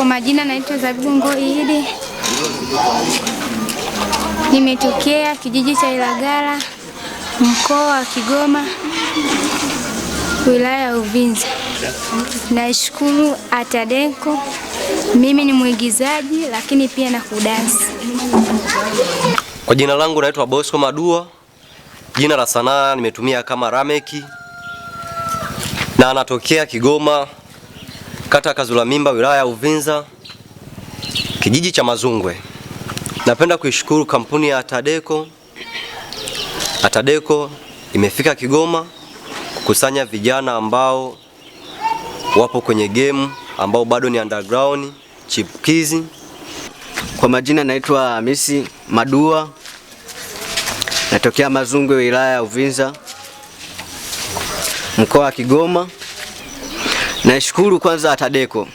Kwa majina naitwa Zabibu Ngoi nimetokea kijiji cha Ilagala, mkoa wa Kigoma, wilaya ya Uvinza. Naishukuru Atadenko. Mimi ni mwigizaji lakini pia na kudansi. Kwa jina langu naitwa Bosco Madua, jina la sanaa nimetumia kama Rameki na anatokea Kigoma kata Kazula Mimba, wilaya ya Uvinza, kijiji cha Mazungwe. Napenda kuishukuru kampuni ya Atadeco. Atadeco imefika Kigoma kukusanya vijana ambao wapo kwenye game ambao bado ni underground chipukizi. Kwa majina naitwa Hamisi Madua, natokea Mazungwe, wilaya ya Uvinza, mkoa wa Kigoma. Nashukuru kwanza Tadeko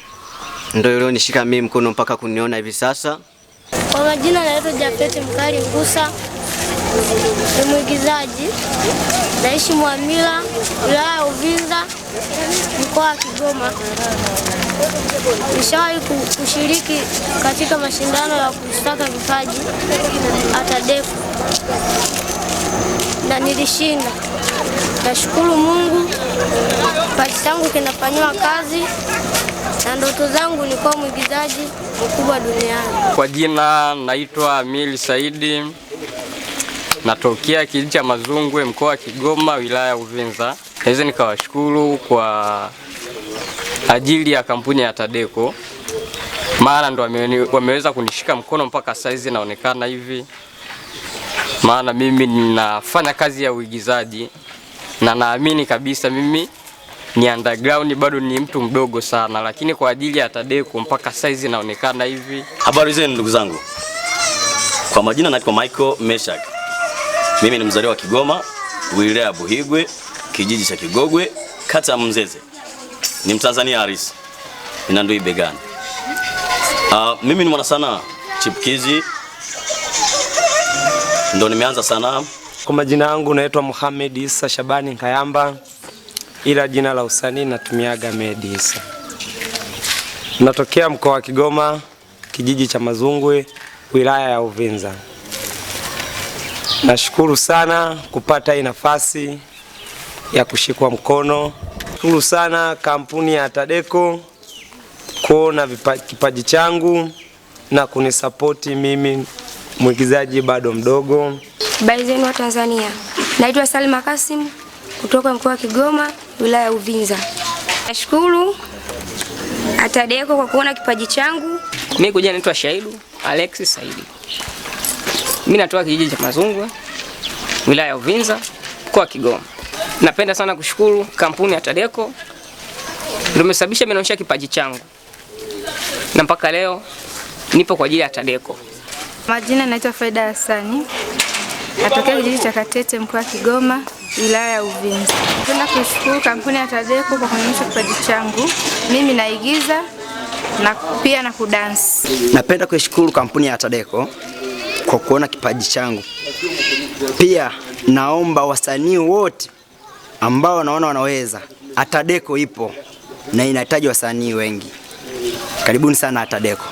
ndio ilionishika mimi mkono mpaka kuniona hivi sasa. Kwa majina naitwa Jafeti Mkali Ngusa, ni mwigizaji, naishi Mwamila, wilaya ya Uvinza, mkoa wa Kigoma. Nishawahi kushiriki katika mashindano ya kusaka vipaji Atadeko na nilishinda. Nashukuru Mungu kipaji changu kinafanywa kazi na ndoto zangu ni kuwa mwigizaji mkubwa duniani. Kwa jina naitwa mili Saidi, natokea kijiji cha Mazungwe, mkoa wa Kigoma, wilaya ya Uvinza. Naweza nikawashukuru kwa ajili ya kampuni ya Tadeko, maana ndo wameweza kunishika mkono mpaka saizi naonekana hivi, maana mimi ninafanya kazi ya uigizaji na naamini kabisa mimi ni underground, bado ni mtu mdogo sana, lakini kwa ajili ya tadeku mpaka size inaonekana hivi. Habari zenu ndugu zangu, kwa majina naitwa Michael Meshak, mimi ni mzaliwa wa Kigoma, wilaya ya Buhigwe, kijiji cha Kigogwe, kata ya Mzeze, ni Mtanzania harisi nina ndui begani. Uh, mimi ni mwanasanaa chipukizi, ndo nimeanza sanaa. Kwa majina yangu naitwa Muhammad Isa Shabani Kayamba ila jina la usanii natumiaga Medi Isa. Natokea mkoa wa Kigoma, kijiji cha Mazungwe, wilaya ya Uvinza. Nashukuru sana kupata hii nafasi ya kushikwa mkono. Shukuru sana kampuni ya Tadeco kuona kipaji changu na kunisapoti mimi mwigizaji bado mdogo. Habari zenu wa Tanzania, naitwa Salma Kasim kutoka mkoa wa Kigoma wilaya ya Uvinza. Nashukuru Atadeko kwa kuona kipaji changu. Mimi kuja naitwa Shaidu Alexis Saidi. Mimi natoka kijiji cha Mazungwa, wilaya ya Uvinza, mkoa wa Kigoma. Napenda sana kushukuru kampuni ya Tadeko ndio imesababisha mimi naonyesha kipaji changu na mpaka leo nipo kwa ajili ya tadeko Majina naitwa Faida Hassani, natokea kijiji cha Katete, mkoa wa Kigoma wilaya ya Uvinza. Napenda kushukuru kampuni ya Tadeco kwa kunionyesha kipaji changu. Mimi naigiza na pia na kudansi. Napenda kuishukuru kampuni ya Tadeco kwa kuona kipaji changu. Pia naomba wasanii wote ambao wanaona wanaweza, Atadeco ipo na inahitaji wasanii wengi. Karibuni sana Atadeco.